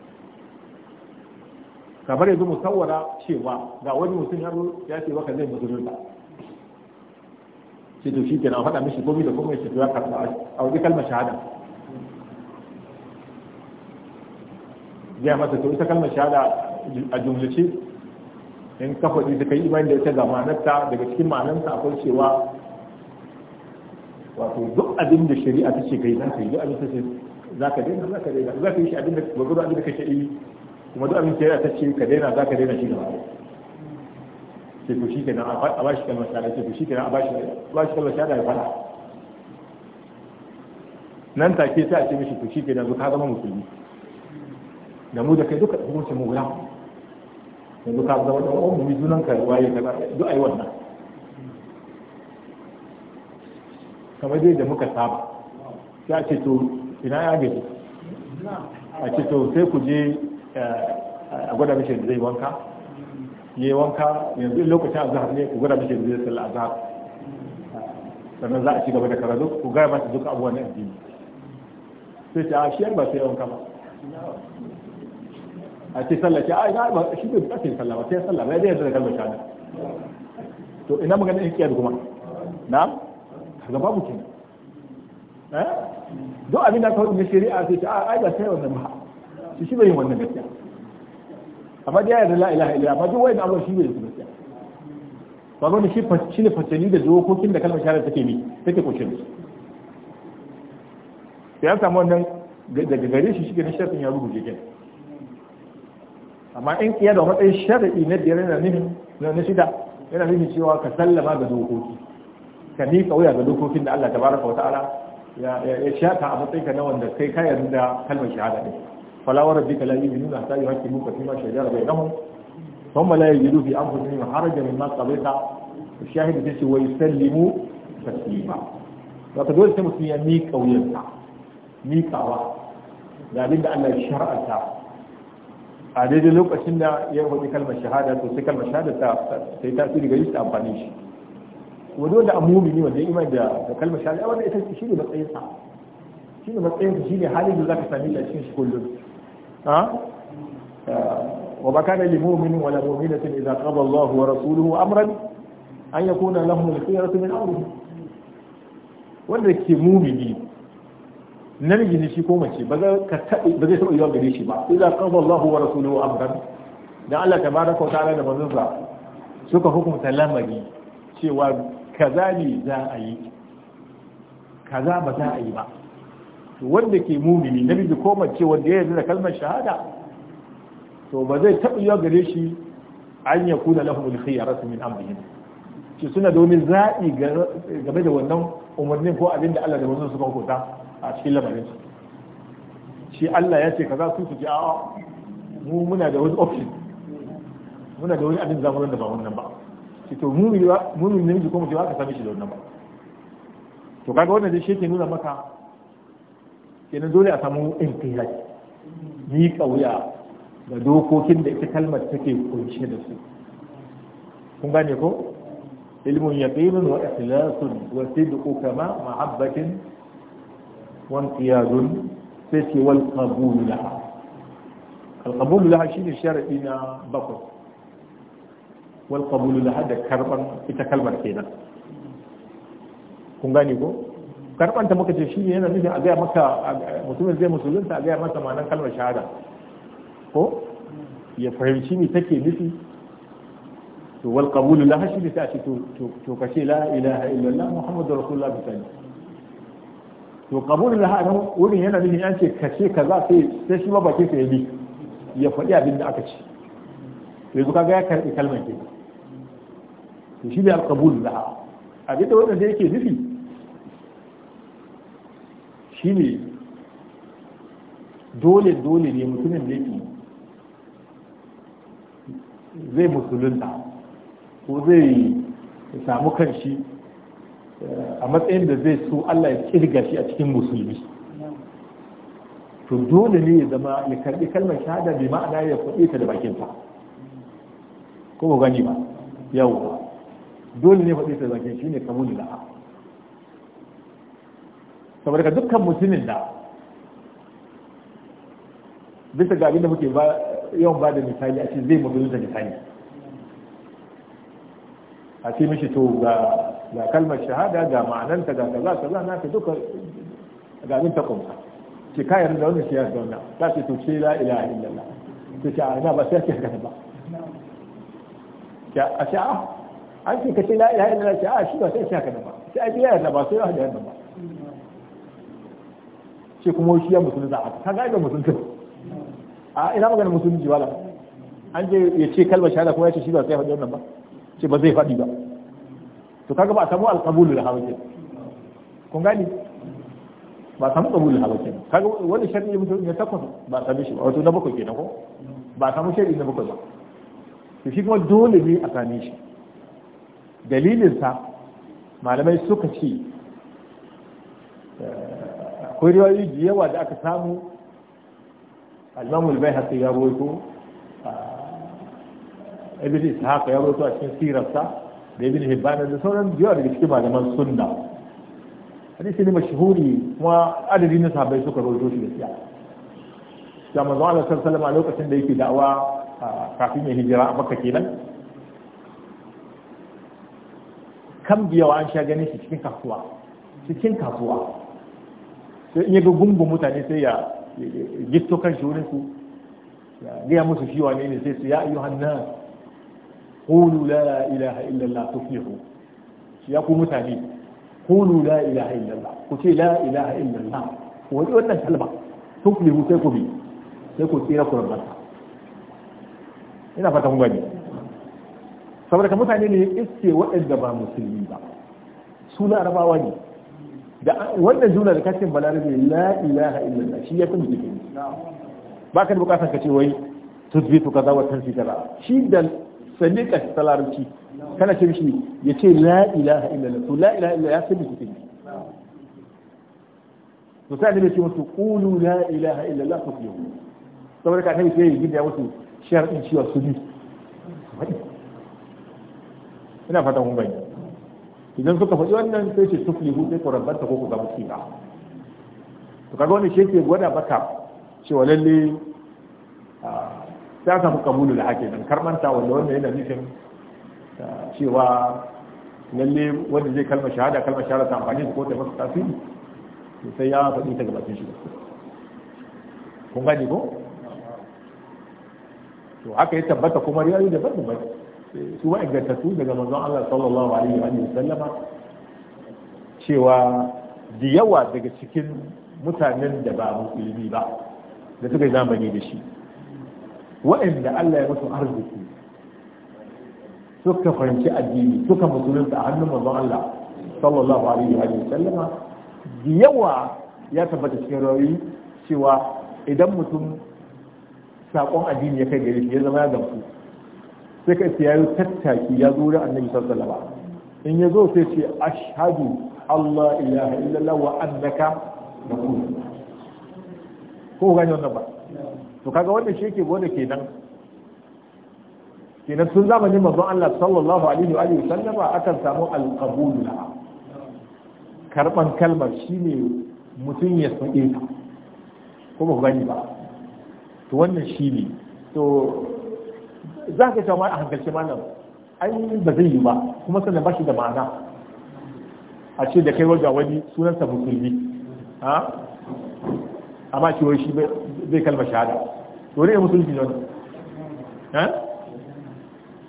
kamar yanzu musawara cewa ga wani mutum yaro ya ce baka zai musulunta sai to shi na faɗa mishi komai da komai shi ya karɓa a wani kalmar shahada ya mata to ita kalmar shahada a jumlace in ka faɗi ta kai imani da ita ga ma'anarta daga cikin ma'anarta akwai cewa wato duk abin da shari'a ta ce kai za ka yi duk abin da za ka daina za ka daina za ka yi shi abin da ka abin yi kuma duk abin shari'a ta ce ka daina za ka daina shi gaba sai ku shi kenan a bashi kalmar shahada sai ku shi kenan a bashi kalmar shahada ya fada nan take sai a ce mishi ku shi kenan zuka zama musulmi da mu da kai duka hukuncin mu guda da ka zama dan uwan mu junan ka waye ka duk ai wannan kamar dai da muka saba sai a ce to ina ya gaji a ce to sai ku je Eh, a gwada mishin da zai wanka yi wanka yanzu lokacin azahar ne ku gwada mishin da zai salla azahar sannan za a ci gaba da karatu ku gaya mata duka abubuwan na addini sai ta ah, shi ba sai wanka ba a ce sallah ce ah, yi ba shi bai bukatar sallah ba sai sallah ya da yadda da kalmar shahada to ina magana yake da kuma na ga babu kenan eh don abin da ka hudu shari'a sai ta ah, yi ba sai wannan ba shi shi bai yin wannan gaskiya amma dai ya yarda la ilaha illallah amma duk wanda Allah shi bai yi gaskiya ba ga shi shi ne fatani da dokokin da kalmar shahada take bi take kunshe da su ya samu wannan daga gare shi shi ne shafin ya rubuce kenan amma in kiyar da matsayin shari'i na da yana nufin na shida yana nufin cewa ka sallama ga dokoki ka ni kauya ga dokokin da Allah tabaraka wa ta'ala ya shata a matsayin ka na wanda kai ka yarda kalmar shahada ne فلا وربك لا يؤمنون حتى يحكموك فيما شجر بينهم ثم لا يجدوا في انفسهم حرجا مما قضيت الشاهد بس ويسلموا تسليما وتقول سمت لي ميك او ينفع ميك او لا بد ان الشرع تاع عدد لوك اشنا يهو دي كلمه شهاده تو سي كلمه شهاده تاع سي تاثير غيست امبانيش ودول عمومي ني ودي ايمان ده كلمه شهاده ولا اتسكي شيء بس اي صح شنو ما تنسي حالي ذاك سامي تاع شيء ha wa ba kana lil mu'minin wala mu'minatin idza qada Allahu wa rasuluhu amran an yakuna lahum al-khiyaratu min amrihim wanda ke mumini namiji ne shi ko mace ba ka ba zai taɓa yiwa gare shi ba idza qada Allahu wa rasuluhu amran Da Allah tabaraka wa ta'ala da manzonsa suka hukunta lamari cewa kaza ne za a yi kaza ba za a yi ba to wanda ke mumini namiji ko mace wanda ya yarda da kalmar shahada to ba zai taɓa yiwa gare shi an ya kuna lahum al-khiyaratu min amrihim ce suna da wani zaɓi game da wannan umarnin ko abin da Allah da manzon suka hukunta a cikin lamarin su shi Allah ya ce kaza su su ji a'a mu muna da wani option muna da wani abin zamuran da ba wannan ba ce to mu mu ne ko mu ce ba ka sami shi da wannan ba to kaga wannan dai shi ke nuna maka kenan dole a samu intihaj ni kauya da dokokin da ita kalmar take kunshe da su kun gane ko ilmun yaqinun wa ikhlasun wa sidqu kama mahabbatin wa intiyadun sai ce wal qabul laha al qabul laha shine sharadi na bakwai wal qabul la da karban ita kalmar kenan kun gane ko karɓanta maka ce shi ne yana nufin a gaya maka mutumin zai musulunta a gaya masa ma'anar kalmar shahada ko ya fahimci me take nufi to wal qabulu la hashi bi ta'ti to to kace la ilaha illallah muhammadur rasulullah bi ta'ti to qabulu la hadan wurin yana nufin yace ce kace kaza sai sai shi ma bakin sa ya ya faɗi abin da aka ce yanzu kaga ya karɓi kalmar ke to shi ne al qabulu la abin da wannan da yake nufi shine dole dole ne mutumin da yake zai musulunta ko zai samu kanshi eh, a matsayin da zai so Allah ya kirga shi a cikin musulmi to dole ne ya zama ya karbi kalmar shahada bai ma'ana ya faɗe ta da bakinta ko ba gani ba yawa dole ne faɗe ta da bakin shi ne kamuni la'a saboda ka dukkan mutumin da bisa ga abin da muke yawan ba da misali a ce zai mutu da misali a ce mishi to ga kalmar shahada ga ma'ananta ga kaza kaza na ka duka ga abin ta kumsa ce kayan da wani shi yarda wannan ta ce to ce la ila illallah ta ce a ina ba sai ake haka ba a ce a an ce ka ce la ilaha illallah ce a shi ba sai ake haka ba sai ake yarda ba sai ya yarda ba ce kuma shi ya musulun a ka ga idan musulun a ina maganin musulun jiwala an je ya ce kalmar shahada kuma ya ce shi ba sai faɗi wannan ba ce ba zai faɗi ba to kaga ba a samu alƙabulu da hawa kun gani ba a samu ƙabulu da hawa kaga wani shari'i mutum ya takwas ba a same shi ba wato na bakwai kenan ko ba a samu shari'i na bakwai ba to shi kuma dole ne a same shi dalilinsa malamai suka ce eh, akwai riwayoyi da yawa da aka samu al bai bayhaqi ya a ibn ishaq ya rawaito a cikin sirarsa da ibn hibban da sauran da daga cikin malaman sunna hadisi ne mashhuri kuma adadi na sahabbai suka rawaito shi gaskiya da manzo Allah sallallahu alaihi lokacin da yake da'awa kafin ya hijira a Makka kenan kan biyawa an sha ganin shi cikin kasuwa cikin kasuwa sai in yaga gungun mutane sai ya gisto kan shi wurin su ya gaya musu shi wane ne sai su ya ayyuhan nas kulu la ilaha illa allah tuflihu shi ya ku mutane kulu la ilaha illallah ku ce la ilaha illallah ku wani wannan kalma tuflihu sai ku bi sai ku tsira ku rabata ina fata mun gani saboda mutane ne iske waɗanda ba musulmi ba su larabawa ne da wannan juna da kace balarabe la ilaha illallah shi ya fi mutum ba ka da bukatar ka ce wai tuzbitu kaza wa tanfi kaza shi da sadiqa talarci kana ce shi ya ce la ilaha illallah to la ilaha illallah ya fi mutum to sai da ce musu qulu la ilaha illallah tuflihu saboda ka tafi sai gida wasu sharadin cewa su bi ina fatan kun bayyana idan suka faɗi wannan sai ce tuflihu sai ku rabanta ko ku zama kila to kaga wani shi ke gwada baka cewa lalle ta samu kabulu da hake nan karmanta wanda wannan yana nufin cewa lalle wanda zai kalmar shahada kalmar shahada ta amfani da ko ta tafi tasiri sai ya faɗi ta gabatin shi kun gani ko to haka ya tabbata kuma riyayi da ban da su ba ingantattu daga manzon Allah sallallahu alaihi wa sallama cewa da yawa daga cikin mutanen da ba musulmi ba da suka yi zamani da shi waɗanda Allah ya musu arziki suka fahimci addini suka musulunta a hannun manzon Allah sallallahu alaihi wa sallama da yawa ya tabbata cikin rawi cewa idan mutum sakon addini ya kai gare shi ya zama ya gamsu sai ka ce yayi tattaki ya zo wurin annabi sallallahu alaihi wasallam in ya zo sai ce ashhadu Allah ilaha illallah wa annaka rasul ko gane wannan ba to kaga wannan shi yake gode kenan kenan sun zamanin manzon Allah sallallahu alaihi wa alihi sallama akan samu alqabul la karban kalmar shine mutum ya sake ta ko ba gani ba to wannan shine to za ka cewa a ma nan, ai ba zai yi ba kuma sannan ba shi da ma'ana a ce da kai wajen wani sunansa musulmi amma cewa shi zai kalma shahada to ne musulmi ne wannan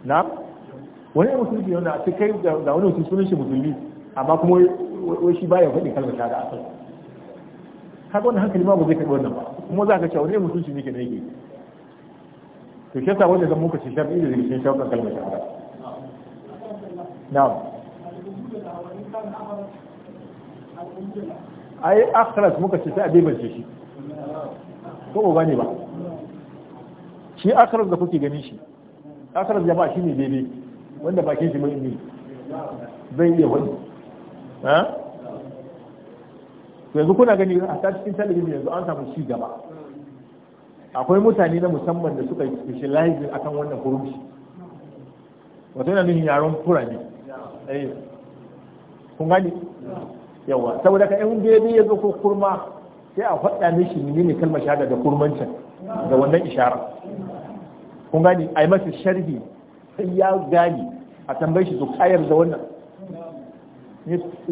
na wani musulmi ne wannan a ce kai da wani musulmi sunan shi musulmi amma kuma wai shi baya faɗi kalma shahada a kai kaga wannan hankali ma ba zai karɓi nan ba kuma za ka cewa wani musulmi ne ke da yake to shi yasa wanda zan muka ce shar'i da zai cikin shauƙan kalmar shahada na'am ai akhras muka ce sai abe bace shi ko ba ne ba shi akhras da kuke ganin shi akhras jama'a shine daidai wanda bakin shi mai ne zai iya wani ha yanzu kuna gani a cikin talabijin yanzu an samu shi gaba akwai mutane na musamman da suka specialize akan wannan hurumci wato yana nufin yaron ne. Eh. kun gani yawa saboda ka yan bebe ya zo ko kurma sai a faɗa mishi ne ne kalmar shahada da kurmancin da wannan ishara kun gani a yi masa sharhi sai ya gani a tambayi shi su ayar da wannan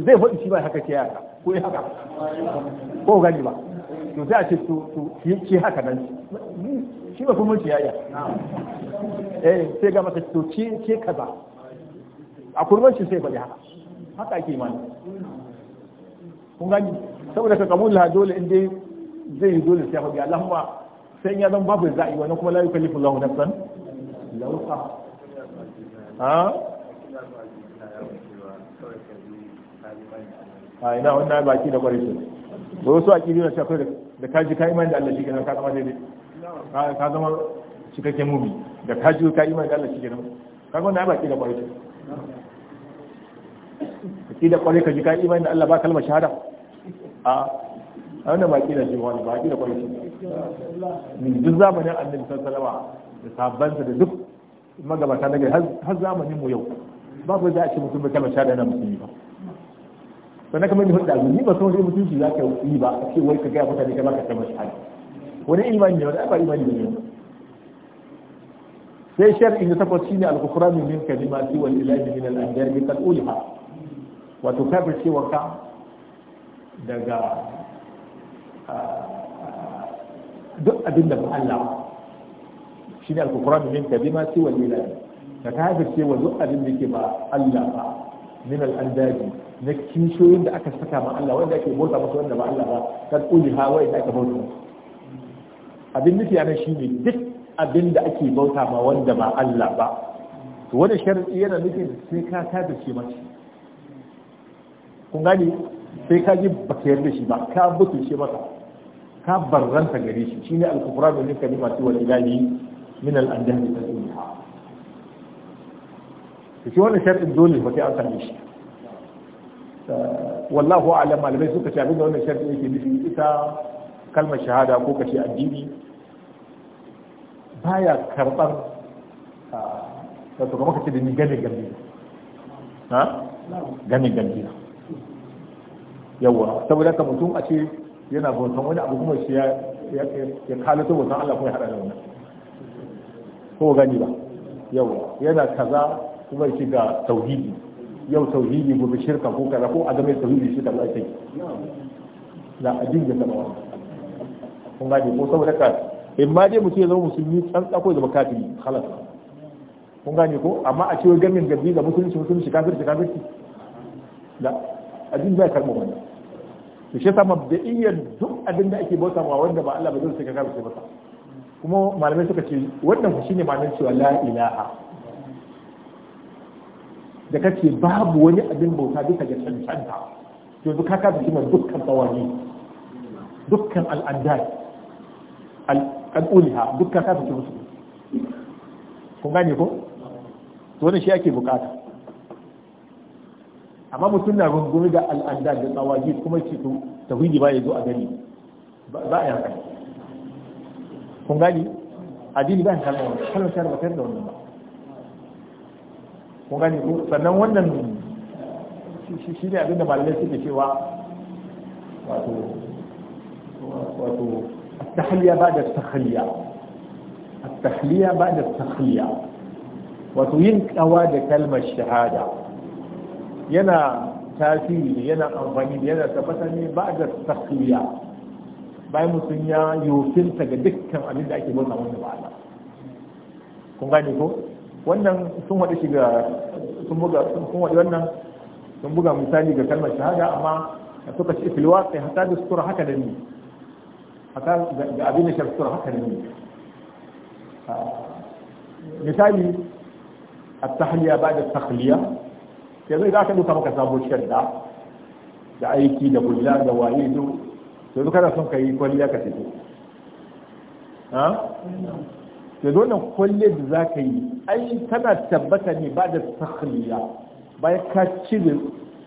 zai faɗi shi ba haka ke yaka ko ya haka ko gani ba to sai a ce su ki haka nan shi ba kuma ci yaya eh sai ga mata to ce ce kaza a kurban shi sai faɗi haka haka ake imani kun gani saboda ka kamun la dole in dai zai yi dole sai hobi Allah Allahumma sai ya zan babu za'i wani kuma la yukallifu Allahu nafsan lausa ha a ina wannan baki da kwarishin ba wasu a kiri na shafi da kaji ka imani da Allah shi kenan ka zama daidai ka zama cikakken mumi da kaji ka imani da Allah shi kenan ka gwanda ba kira kwarai ka da kwarai ka ji ka imani da Allah ba kalmar shahada a wanda ba kira shi wani ba kira kwarai ne duk zamanin annabi sallallahu da sabbansa da duk magabata na gari har zamanin mu yau ku za a ce mutum bai kalmar shahada na musulmi ba sannan kamar yadda faɗa ni ba sun wani mutunci za ka yi ba a ce wai ka gaya mutane kamar ka tabbata hali wani imani ne wani ba imani ne sai shar'i na takwas shine al-kufran min kalimati wal ilahi min al-anjar bi qad'ulha wato kafir cewa ka daga duk abin da ba Allah shine al-kufran min kalimati wal ilahi ka kafir cewa duk abin da ke ba Allah ba min al-anjaji na kishiyoyin da aka saka ma Allah wanda ake bauta masa wanda ba Allah ba kan uli ha wai da aka bauta abin nufi ana shi ne duk abin da ake bauta ma wanda ba Allah ba to wani sharadi yana nufin sai ka ta da shi mace kun gani sai ka ji baka yarda shi ba ka butu shi masa ka barranta gare shi shine al-kufran min kalimati wal ilahi min al-andahi tadunha to shi wannan sharadin dole ba sai an same shi wallahu alam malamai suka ce abinda wannan sharti yake nufi ita kalmar shahada ko kace addini baya karban wato kuma kace da ni gane gane ha gane gane yawa saboda ka mutum a ce yana bautan wani abu kuma shi ya ya to bautan Allah kuma ya hada da wannan ko gani ba yawa yana kaza kuma shi ga tauhidi yau tauhidi gobe shirka ko kaza ko a game tauhidi shirka ba sai la adin da ba wannan kun gane ko saboda ka in ma dai mutum ya zama musulmi tsantsa ko zama kafiri halas kun gane ko amma a cewa gamin gabi da musulunci musulunci kafir kafir kafirci la adin zai karɓa wannan to shi sama da iyyar duk abin da ake bauta ma wanda ba Allah ba zai saka kafirci ba kuma malamai suka ce wannan shine ma'anar cewa la ilaha da kake babu wani abin bauta bisa ga cancanta yanzu ka kafa dukkan tsawani dukkan al'adai al'uliha dukkan ka kimar su kun gane ko to wannan shi ake bukata amma mutum na rungumi da al'adda da tsawagi kuma ce to tauhidi ba ya zo a gani ba a yankan kun gani ba ya kalmar kalmar ba da wannan ba kun sannan wannan shi ne abinda malamai suke cewa wato wato tahliya ba da tahliya ba da tahliya wato yin kawa da kalmar shahada yana tasiri ne yana amfani ne yana tabbata ne ba da tahliya bayan mutum ya yofinta ga dukkan abinda da ake bauta wani ba kun wannan sun wada shiga sun buga sun wada wannan sun buga misali ga kalmar shahada amma suka ce filwa sai haka da sutura haka da ni haka ga abin da shar sutura haka da ni ah, misali ba da tahliya ke zai za ka duka maka sabo shadda da aiki da bulla da waye to yanzu kana son ka yi kwalliya ka fito da dole kwalle da za ka yi ai tana tabbata ne ba da takhliya bayan ka cire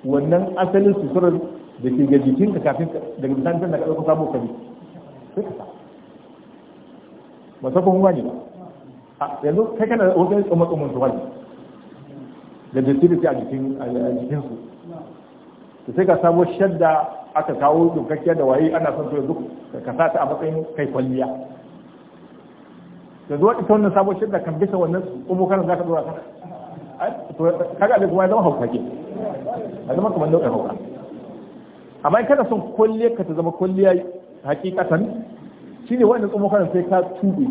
wannan asalin suturar da ke ga jikinka kafin daga misalin da ka ɗauka samu kari sai ka sa ba sa kuma wani ba yanzu kai kana wajen tsoma tsoma su wani da da sirri a jikin jikinsu to sai ka samu shadda aka kawo dokakkiyar da waye ana son to yanzu ka sa ta a matsayin kai kwalliya yanzu zuwa ita wannan sabon shirka kan bisa wannan kuma tsumokan za ka zuwa ka kaga da kuma ya zama hauka ke a zama kamar nau'in hauka amma in kana son kwalliya ka ta zama kwalliya hakikatan shine wannan tsumokan sai ka tube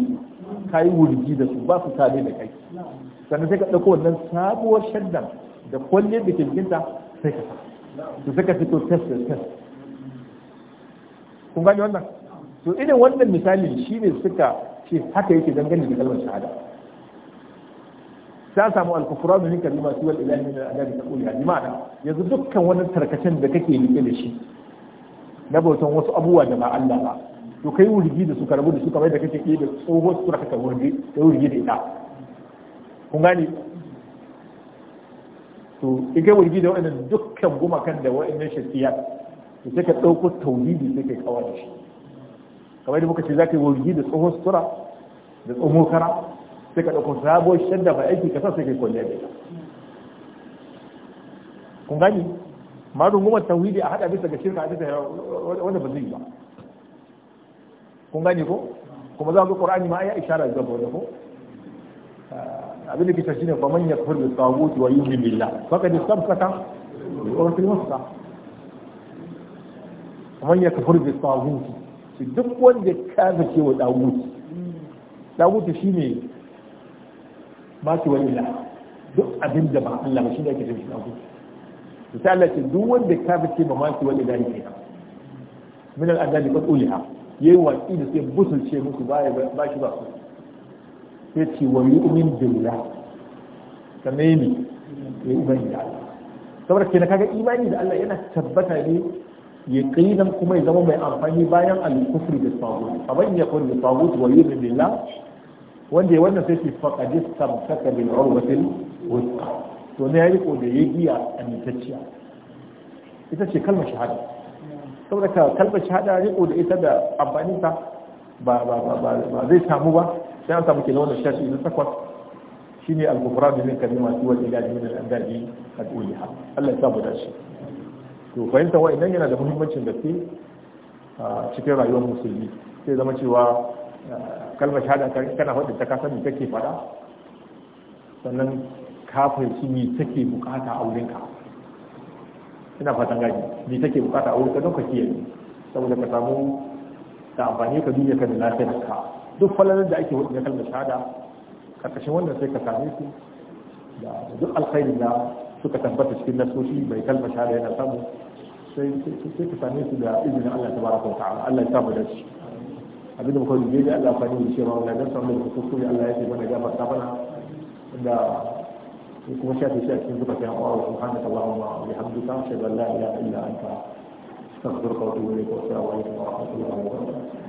ka yi wurgi da su ba su tare da kai sannan sai ka ɗauko wannan sabuwar shaddan da kwalliyar da ke jikinta sai ka sa su ka fito test da test kun gani wannan to irin wannan misalin shine suka shi haka yake dangane da kalmar shahada ta samu alkufuranu ne kan masu wal ilahi min al'adari ta ƙuliya bi ma'ana yanzu dukkan wani tarkacen da kake rike da shi na bautan wasu abubuwa da ba Allah ba to kai wurgi da su rabu da suka mai da kake ɗaya da tsohuwar su ka wurgi da wurgi da ita kun gane to in kai wurgi da waɗannan dukkan gumakan da waɗannan shafiya to sai ka ɗauko tauhidi sai kai kawar da shi kamar da muka ce za ka yi wurgi da tsohuwar sutura da tsomo kara sai ka ɗauko sabo shadda ba aiki kasar sai kai kwalliya da ita kun gani ma rungumar tauhidi a haɗa bisa ga shirka a bisa wanda ba zai ba kun gani ko kuma za ku ƙorani ma ya ishara ga wanda ko abin da kita shine faman yakfur bi taghut wa yu'min billah faqad istamsaka bi yi wusta faman yakfur bi taghut duk wanda ya kafa cewa taghut dagutu shi ne ba su wani ila duk abin da ba Allah ba shi ne ake da shi dagutu to sai Allah ce duk wanda ka ce ba ma su wani da ne min al-adali fa ha yi waki da sai busulce musu ba ba shi ba su sai ce wa umin billah ka ne ya yi Allah saboda na kaga imani da Allah yana tabbata ne nan kuma ya zama mai amfani bayan al-kufri da tsawo abin ya kuri da tsawo wa yi yu'min billah wanda ya wannan sai ce faqadis tamsaka bin urwatil wuthqa to ne yi ko da ya yi a amintacciya ita ce kalmar shahada saboda ka kalmar shahada ya ko da ita da amfani ta ba ba ba ba zai samu ba sai an samu kenan wannan shashi na takwas shine al-mufrad min kalimati wal ilahi min al-andadi qad uliha Allah ya mu dashi to fahimta idan yana da muhimmancin gaske cikin rayuwar musulmi sai zama cewa kalmar shahada ka kana wadda ta kasar da take fada sannan ka fahimci me take bukata a wurinka ina fatan gaji me take bukata a wurinka don ka kiyaye saboda ka samu da amfani ka duniya ka da lafiyar ka duk falalar da ake wadda kalmar shahada karkashin wannan sai ka same su da duk alkhairi da suka tabbata cikin nasoshi bai kalmar shahada yana samu sai ka same su da izinin Allah baraka wa ta'ala Allah ya tabbata shi abin da muka rubuce da Allah fani da cewa wala dan samu da ya Allah ya ce mana gafarta mana da kuma shafi shi a cikin zuba ta Allah subhanahu wa ta'ala wa bihamdika shalla la ilaha illa anta astaghfiruka wa atubu ilayk wa assalamu alaikum wa rahmatullahi wa barakatuh